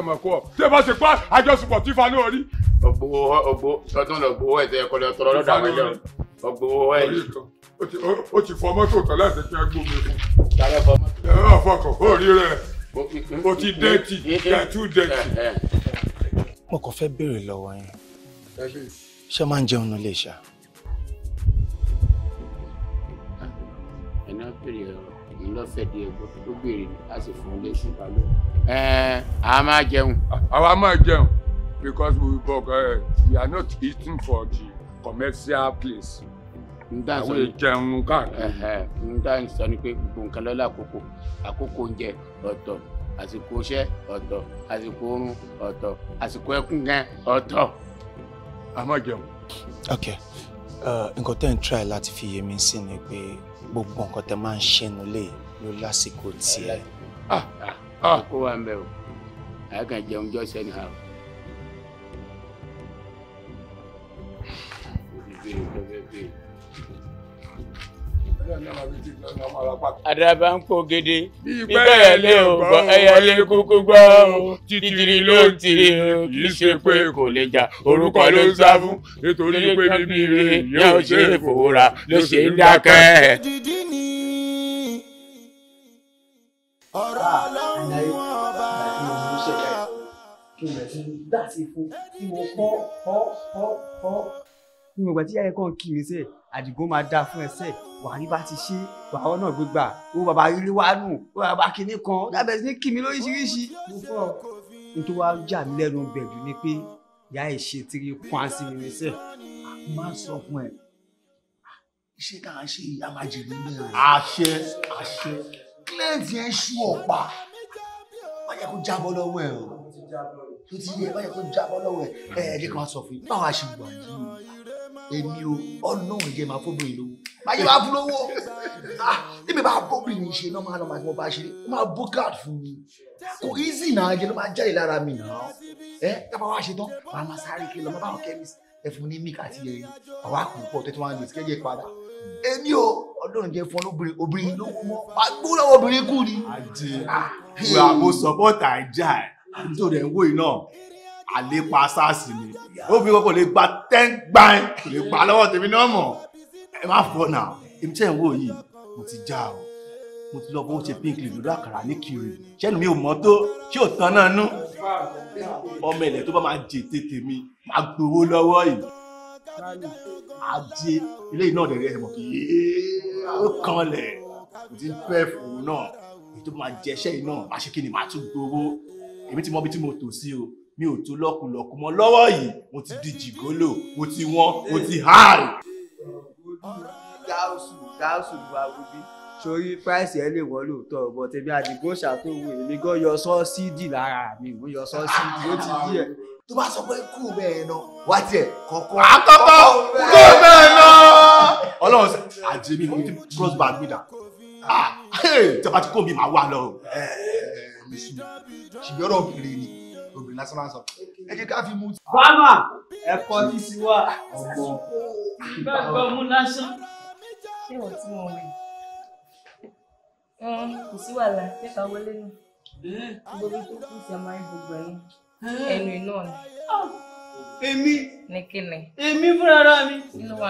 ọmọ kú ọ tí ẹ bá ṣe pa àjọṣepọ̀ tí fa náà rí. ọgbowó ọgbó tọdún ọgbowó ẹ tẹ ẹ kọlẹ tọrọ lọ́dọ̀ àwọn ẹlẹ ọgbowó ẹ yìí. ó ti fọ mọ́tò mo kàn fẹ́ béèrè lọ́wọ́ yín ṣé máa ń jẹun ní ilé ṣá. ẹ̀nà bèrè ọ̀rọ̀ èyí di ẹ̀gbọ́n tó béèrè a sì fún un léṣu balẹ̀. ẹ a máa jẹun. àwa máa jẹun because we work uh, we are not eating for the commercial place. n dá sọ ni àwọn ìjẹun káàkiri. n dá sọ ni pé gbòǹkan lọ́la àkókò àkókò oúnjẹ ọ̀tọ̀ àsìkò iṣẹ́ ọ̀tọ̀ àsìkò oorun ọ̀tọ̀ àsìkò ẹkún gan ọ̀tọ̀. a máa jẹun. ok eh, nǹkan tẹ́ ń try láti fi yé mi sí ni pé gbogbo nǹkan tẹ́ máa ń ṣe nílé ló lásìkò tiẹ̀. Ah, ah, ah, kó wà ń bẹ̀ o àyàkàn jẹun jọ́ sẹ́ni ha Thank you àdàbà ń pò gèdè bíbẹ̀ lé ògbọ́ ẹyẹlé kúkú gbọ́ títìrì ló ń tiri kì í ṣe pé kò lè jà orúkọ ló ń sá fún nítorí pé bíbí rẹ̀ yóò ṣe é fòwúra ló ṣe ń dákẹ́. ọ̀rọ̀ ọlọ́run ọba kí n bẹ̀ sí dá sí fún kí mo kọ́ kọ́ kọ́ kọ́. ìwọ̀n ìgbà tí yáyẹ kan kiri sí ẹ̀ àdìgún máa dáa fún ẹsẹ̀ wàá rí bá ti ṣe wàá ọ̀nà gbígbà ó bàbá rírí wá nù ó bàbá kinní kan dábẹ̀ sí kì mí lóríṣiríṣi. mo fọ nítorí wàá jà mí lẹ́nu bẹ̀dù ni pé ìyá ẹ̀ ṣe tiri kwan sí mi níṣẹ́. a máa sọ fún ẹ iṣẹ́ tá a ṣe ìyá máa jèrè ní ẹ̀rọ. àṣẹ àṣẹ. kílẹ̀ǹtì ẹ̀ ṣú ọ̀pá má yẹ kó jábọ́ lọ́wọ́ ẹ̀ o tó ti yẹ má yẹ kó jábọ́ lọ́wọ́ ẹ̀ ẹ̀ èmi o ọlọ́run jẹ́ máa fóbìnrin lówó máa jẹ́ máa fún lówó níbi ah, máa bóbìnrin ṣe náà máa lọ máa fi wọn bá ṣe ó máa bó card fún mi kò easy náà jẹ́ ló máa jáde lára mi náà ẹ dábàá wá ṣe tán màá máa sáré kiri lọ máa bá wọn chemist ẹ fún ní mic àti ẹyin àwọn àpòpọ̀ tẹ́tí wọn lè ṣẹ́jẹ́ padà èmi o ọlọ́run jẹ́ fún obìnrin obìnrin lówó mọ́ gbọ́dọ̀ obìnrin kù ni. àjẹ ìwà àbò sọpọ́tà ajá nítorí ẹ̀ ń wò yìí náà àlépa sars ni obìnrin kan kò lè gba ten gbáìn kò lè gba lọ́wọ́ tèmi náà mọ̀ ẹ má fọ́ nà èmi tẹ́ ẹ̀ ń wò yìí mo ti já o mo ti lọ bó ṣe pink lè lọ àkàrà ní kiri ṣẹ́nu mi ò mọ́ tó ṣé ò tán náà nú ọmọ ilẹ̀ tó bá máa jẹ tètè mi máa gbowó lọ́wọ́ yìí ajé eléyìí náà dẹ̀rẹ́ ẹ̀mọ̀ kì í ó kanlẹ̀ kò ti ń pẹ́ fún un náà èyí tó máa jẹ iṣẹ́ yìí náà máa ṣe kí ni màá tún gbowó èmi ti mọ ibi tí mo tò sí o mi ò tó lọ́kùlọ́kù mọ́ lọ́wọ́ yìí mo ti di jìgólò mo ti wọ́n mo ti hàn. gáúsù gáúsù wa wo bí sórí price ẹ lè wọ́n lóòótọ́ ọ̀bọ tèmi àdìgbò ṣàtòwò èmi gan yọ sọ́ọ́sídì lára mi mo yọ sọ́ọ́sídì ó ti díẹ̀ tó bá sọ pé kú bẹ́ẹ̀ nà wá tiẹ̀ kọ̀ọ̀kan. àkọ́kọ́ kú bẹ́ẹ̀ nà. ọlọ́run sẹ àjẹ mi mo ti cross bag mi dà ah tí a bá ti kó mi máa wà lọ. ṣùgbọ́n ọ̀rọ̀ kiri ni obìnrin lásán máa ń sọ ẹ jẹ́ ká fi mú. bámà ẹ̀kọ́ ti ti wà. ọgbọ́n gbàgbọ́ mú lásán. ṣé wọ́n tí wọ́n wẹ̀? kò sí wàhálà nípa wọlé nù. gbogbo tó kù sí ọmọ ayé gbogbo ẹnu náà ni. èmi nìkìnì èmi fúnra mi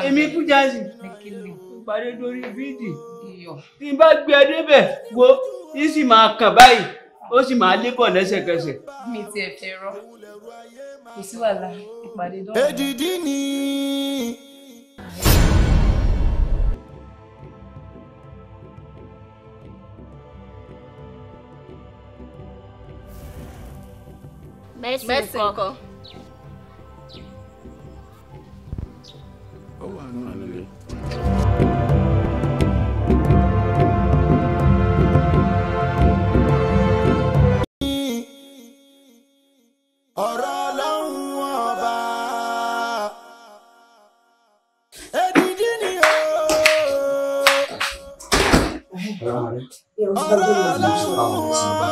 èmi kújáàsì nìkìnì ìpàdé lórí fídì tí n bá gbé ẹ e débẹ̀ wo yìí sì máa kàn báyìí ó sì máa lékọ̀ lẹ́sẹ̀kẹsẹ̀. mi ti ẹ̀ fẹ́ rọ kò sí wàhálà ìpàdé dọ́wọ́. èdìdí ni. mẹ́sìn kọ́. lágbára ọlọ́run ọba.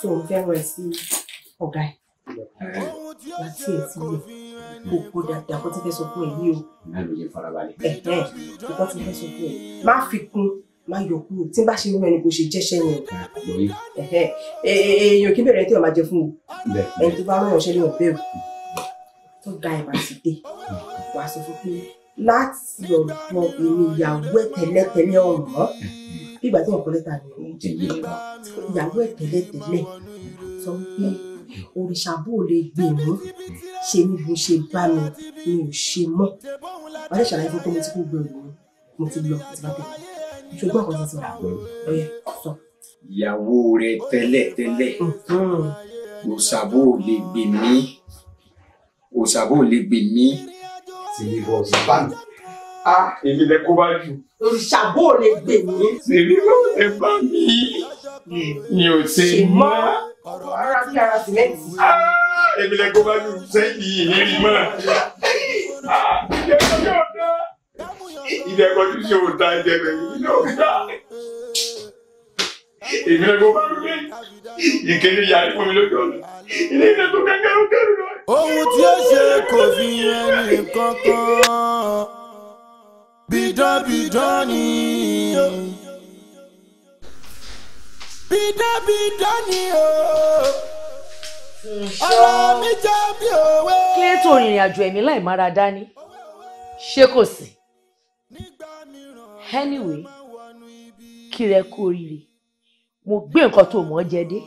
tó o fẹ́ràn ẹ sí ọ̀gá ẹ̀ láti ètí rẹ̀ kò kó dáadáa kó ti fẹ́ sọ fún ẹ yìí o. náà ló yẹ farabalẹ̀. ẹ̀ẹ́ kó ti fẹ́ sọ fún ẹ má fi kún má yọ kúrò tí n bá ṣe nínú ẹni kò ṣe jẹ́ṣẹ́ yẹn. èèyàn kí bẹ̀rẹ̀ tí wọ́n máa jẹ fún mi ẹni tó bá rán ìránṣẹ́ ní ọ̀bẹ̀rù tó ga ẹ̀ bá ti dé wàá sọ fún pé láti ọ̀dọ̀ èmi ìyàwó ẹ̀ tẹ́lẹ̀tẹ́lẹ̀ ọ̀rọ̀ bí ìgbà tí wọn kọ lẹ́tà ni ó jẹ yé wa ìyàwó ẹ̀ tẹ́lẹ̀tẹ́lẹ̀ sọ pé òrìṣà bò lè gbè mí ṣe ni bó ṣe bá mi mi ò ṣe mọ́ wọn ṣàlàyé fún pé mo ti kú gbèrò mo ti lọ àti bàbá mi ṣùgbọ́n àwọn tuntun rà lóye sọ. ìyàwó rẹ tẹ́lẹ̀tẹ́lẹ̀ mm-hmm. òṣàbò lè gbè mí òṣàbò lè gbè mí. ti ní bọ́ọ̀sì bá mi. a ah, èmi lẹ kó bá jù òrìṣàbò lè gbè mí. sèmi ló lè bá mi mi ò ṣe mọ́. ọ̀rọ̀ ara bí ara sìmẹ́ǹtì. Ah, èmi lè ah, kó bá mi sẹ́yìn ìrírí mọ́. ìjẹ́kọ̀ yóò dá ìjẹ́kọ̀ tí ṣe ò dá ìjẹ́kọ̀ yìí yóò dá. èmi lè kó bá mi lé ìkéde yàrá fún mi lójú ọ̀nà ilé ilé tó kẹ́kẹ́ ló kẹ́rù lọ. ohun tí ó ṣe kò fi ẹnì kankan bidọ́bidọ́ ni o bidọ́bidọ́ ni o ọ̀rọ̀ mi jẹ́ bí òwe. kílẹ̀ tó rìnrìn àjò ẹ̀mí láì mára dání ṣé kò sí anyway kírẹ kú oríire mo gbé nǹkan tó mọ̀ ọ́ jẹ dé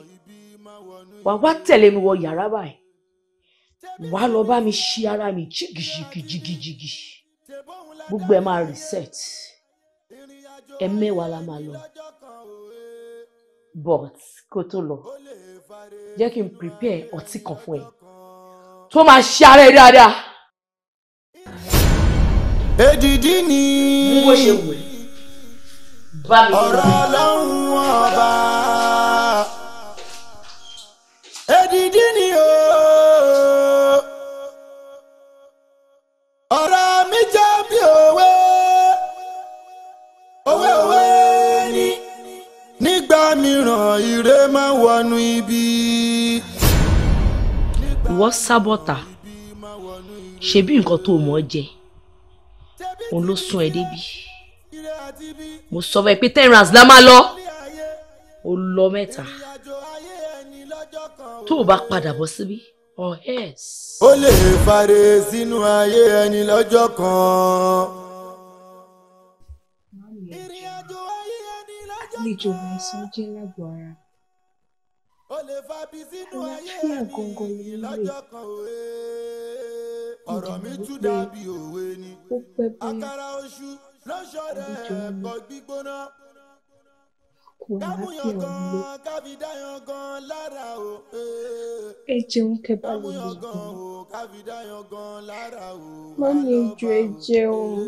wà wá tẹ̀lé mi wọ yàrá báyìí wà á lọ bá mi ṣí ara mi jìgìjìgìjìgìjì gbogbo ẹ̀ máa reset ẹ̀mẹ́wàá la máa lọ but kó tó lọ jẹ́ kí n prepare ọtí kan fún ẹ tó máa ṣe ara ẹ dáadáa. èdìdí ni. bá mi lọ. ọ̀rọ̀ ọlọ́run ọba. ríran ire máa wọnú ibi. wọ́n sábọ̀tà ṣebí nǹkan tó mọ̀ ọ́ jẹ òun ló sún ẹ débi mo sọ fún ẹ pé ten rands la máa lọ ó lọ mẹ́ta tó o bá padà bọ̀ síbí or oh ó lè fàre sínú ayé ẹni lọ́jọ́ kan. àlejò àìsàn jẹ́ lágbo ara. àlàáfíà gangan ló ń lè eh. ọ̀rọ̀ mi tún dàbí òwe ni àkàrà oṣù lọ́sọ̀rọ̀ ẹ̀kọ́ gbígbóná kámúyàn gan káfídáyàn gan lára eh. ẹ jẹun kẹba ló ń gbọ́. mọ́mí ìjọ ẹ jẹun eh.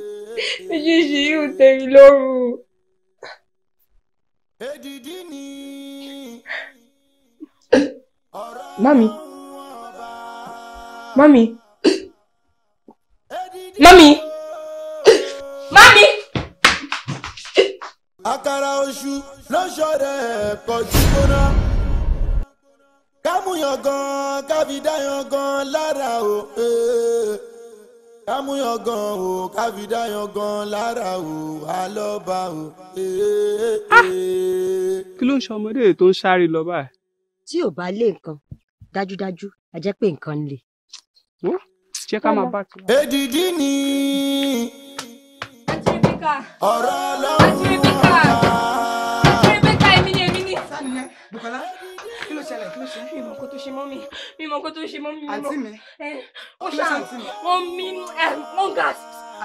méjèèjì yóò tẹ̀mí lọ́rùn èdìdí ni. mami mami mami mami. àkàrà oṣù lọ́sọ̀rẹ́ pọ̀jù gbóná kámúyàn gan kábídáyàn gan lára o. Eh kámúyàn gan o káfídáyàn gan lára o alọ́ba o. Ah! Eh. kí ló ń ṣe ọmọdé tó ń sáré lọ báyìí. tí ò bá lé nǹkan dájúdájú a jẹ́ pé nǹkan ń le. ṣé ká máa bá. èdìdí ni ọ̀rọ̀ ọlọ́run. ló ṣe. mi mọ̀ kó tó ṣe mọ́ mi mi mọ̀ kó tó ṣe mọ́ mi. àǹtí mi ó ṣe àǹtí mi. wọ́n mi wọ́n gà.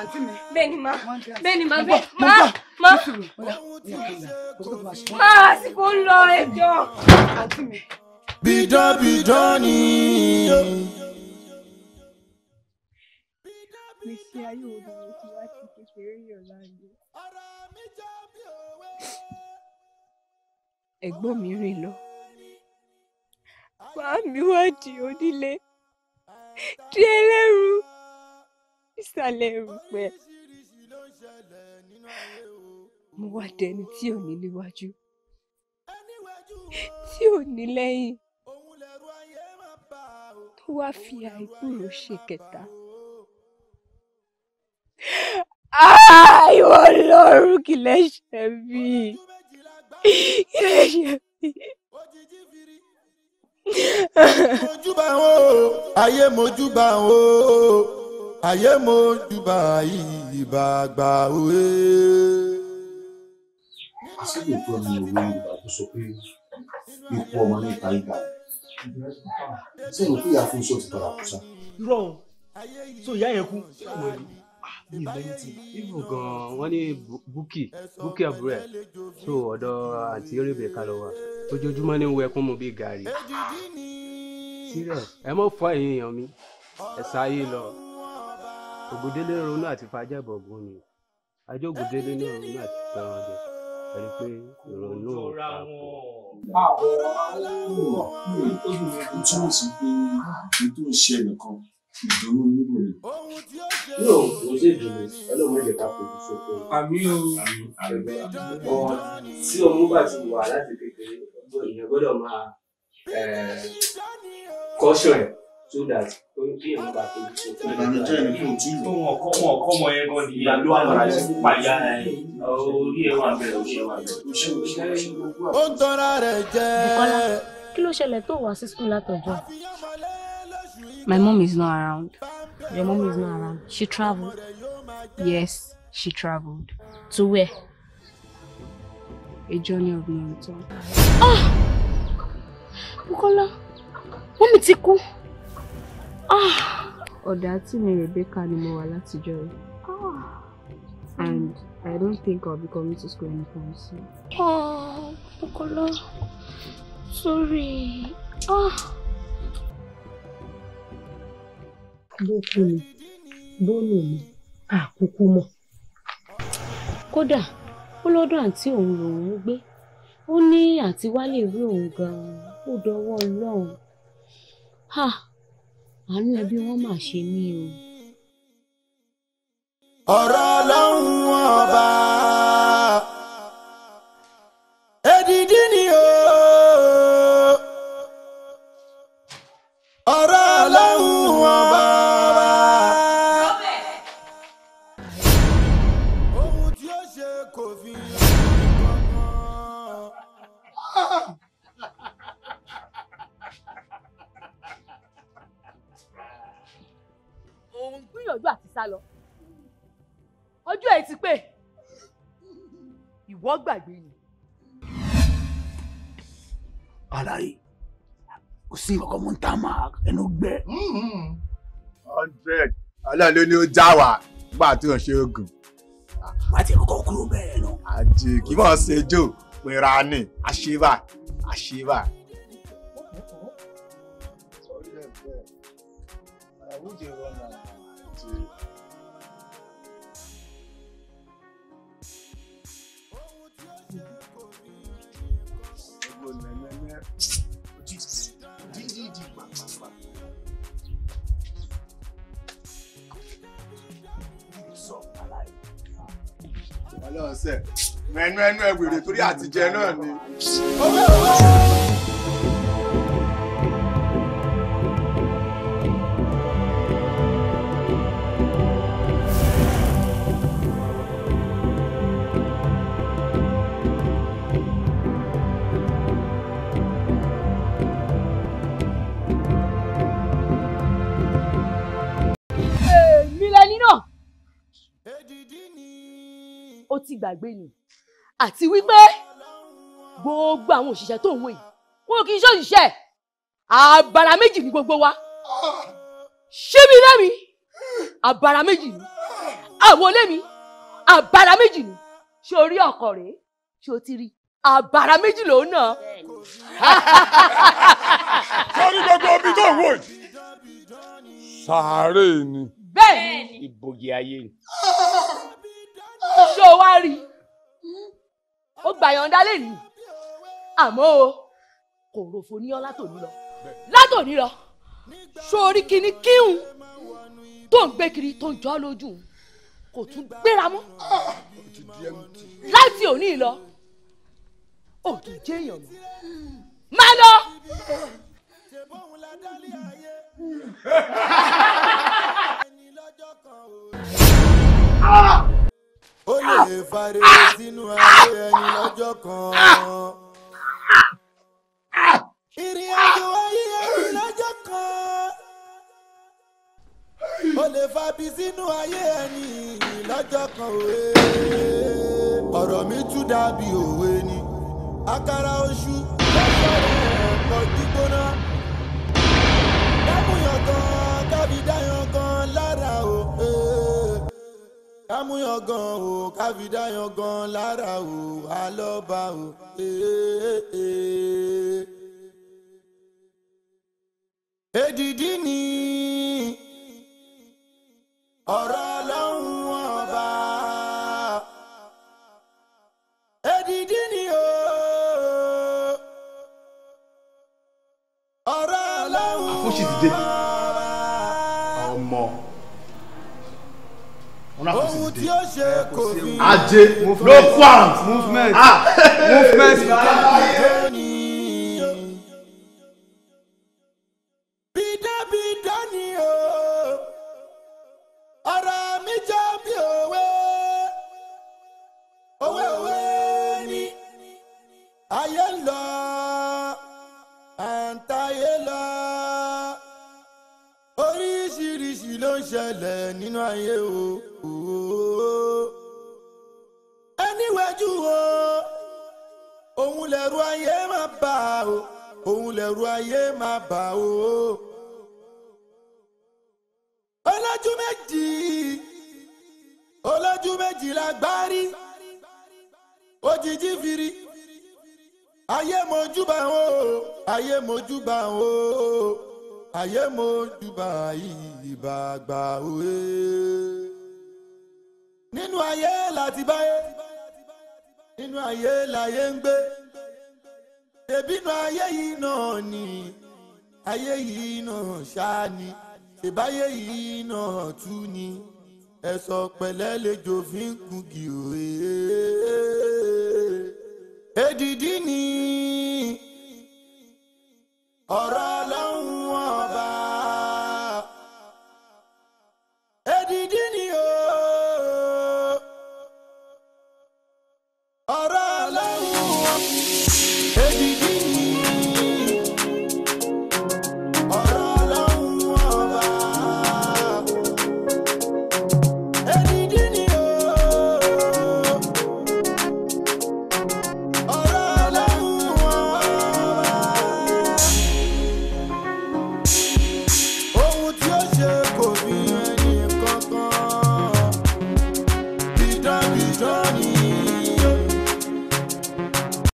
àǹtí mi bẹ́ẹ̀ ma bẹ́ẹ̀ ma bẹ́ẹ̀ ma ma ma àsìkò ń lọ ẹjọ́. àǹtí mi. bidọ́bidọ́ ni. mi ṣe ayé obìnrin mi rìn lọ bá mi wádìí onílé di ẹlẹ́rú ìsàlẹ̀ erùpẹ̀. mo wá dẹni tí ò ní níwájú tí ò ní lẹ́yìn tó wá fi àìkúrò ṣe kẹta. Ìwọ lọ́rùn kìlẹ̀ ṣe bí kìlẹ̀ ṣe bí mojúbà o ayé mojúbà o ayé mojúbà ìbà gbà òwe. àsìkò tó ní òwe yorùbá tó sọ pé ikú ọmọ ní ìta ìgbà sẹ́yìn òkú ìyá fún iṣẹ́ òtítọ́ àkùsà. irọ́ o sọ ìyá yẹn kú. Ah, mi lẹ́yìntì ibu gan wọ́n ní búkì búkì àbúrò ẹ̀ so ọ̀dọ̀ àti erébẹ̀ ká ojoojúmọ́ ní wẹ́kún mu bíi gàrí serious ẹ mọ̀ fọ́ ẹ̀yìn èèyàn mi ẹ̀ sáyé lọ ògùdélé ronú àti fàjẹ́bọ̀gùn ni ajé ògùdélé ní ronú àti fàjẹ́bọ̀gùn ẹni pé ìrònú àpò. báwo ni o túmọ̀ sí pé ètò ìṣe nìkan ìdùnnú nílò mi. yóò kò ṣe dùnú ọlọ́run ẹ̀jẹ̀ ká fojú sókè. àmì o ọmọ tí ọmọ bá ti wà láti kékeré èèyàn gbọ́dọ̀ máa kọ́ṣọ̀ ẹ̀ so that ó ń kí èèyàn bá fojú sókè. ìbànújẹ́ ni kò tí ì lọ. wọn kọ́ wọn kọ́ mọ ẹ̀gbọ́n ni ìyàlú àmàlà ti kú pàyà ẹ̀ orí ẹ̀ wà bẹ̀rẹ̀ òṣè wà bẹ̀rẹ̀. ó ń tọ́ra rẹ̀ jẹ́. Bùkọ́lá kí ló ṣẹlẹ̀ tó wá sí sùkúl látọ̀jọ́? My mom is not around. Your mom is not around. She traveled. Yes, she traveled. To where? A journey of no return. Ah! Bukola, mọ́mì ti kú. Ah! Ọ̀dà àti mi Rebecca ni mo wà látijọ́ rẹ̀. Ah! And I don't think I'll be coming to school anytime soon. Oh, Bukola, sorry. Ah! bó kú ni bó lò ní àkúkú mọ́. kódà ó lọ́dọ̀ àǹtí òun lòun ń gbé ó ní àti wálé rí òun gan-an ó dọwọ́ ọlọ́run àánú ẹbí wọn mà ṣe mí o. ọ̀rọ̀ ọlọ́run ọba. sí ọkọ mú támà ẹnu gbẹ. hundred ọlọ́run ló ní ó já wa gbà tí ò ṣe oògùn. wà á ti kọ́kọ́ kúrò bẹ́ẹ̀ nù. àjè kí wọ́n ṣe jò pinra ni àṣìbà àṣìbà. ọ̀rẹ́ bẹ́ẹ̀ ọ̀rẹ́ àwùjọ ìwọ̀n náà. lọ́sẹ̀ mẹ́nu ẹnu ẹ̀wèrè torí àtijẹ́ náà ni. gbàgbé ni àti wípé gbogbo àwọn òṣìṣẹ́ tó ń wò yìí wọn kì í ṣòṣìṣẹ́ àbàrà méjì ní gbogbo wa ṣíbi lẹ́mi àbàrà méjì ni àwọn lẹ́mi àbàrà méjì ni ṣé orí ọkọ rèé ṣé o ti rí àbàrà méjì lòun náà. sọ́ni gbogbo omi tó wò yìí sàárè ni. bẹ́ẹ̀ ni ibòji ayé ni ṣó wá rí ó gbà yọ̀ǹda lẹ́nu àmọ́ o kò ròfo ní ọ látòní lọ látòní lọ sórí kíní kíhun tó ń gbé kiri tó ń jọ́ lójú kò tún gbéra mọ́ láti òní lọ ò èèyàn lọ lọ. Ah! ó lè fariwo sínú ayé ẹni lọ́jọ́ kan. ìrìn àjò ayé ẹni lọ́jọ́ kan. ó lè fabi sínú ayé ẹni lọ́jọ́ kan òwe. ọ̀rọ̀ mi tún dàbí òwe ni Akara oṣù lọ́sọ̀ rẹ̀ ẹ̀kọ́ gbígbóná. dákúnyàn kan kábídáyàn kan lára òwe kámúyàn gan o káfídáyàn gan lára o alọ́ba o. èdìdí ni ọ̀rọ̀ ọlọ́run ọba. èdìdí ni o ọ̀rọ̀ ọlọ́run ọba. ohun tí ṣe kò fi. ajé movement low movement ah movement. bàbá o. olójú méjì olójú méjì la gbárí òjijì firi ayé mojúbà o ayé mojúbà o ayé mojúbà ìbàgbà òye nínú ayé láti báyé nínú ayé láyé ń gbé ebínú ayé yìí náà ni ayé yìí náà ṣáá ni ṣèbáyé yìí náà tú ni ẹ̀sọ̀ pẹ̀lẹ́ lejò fi ń kungi òye. èdìdí ni ọ̀rọ̀.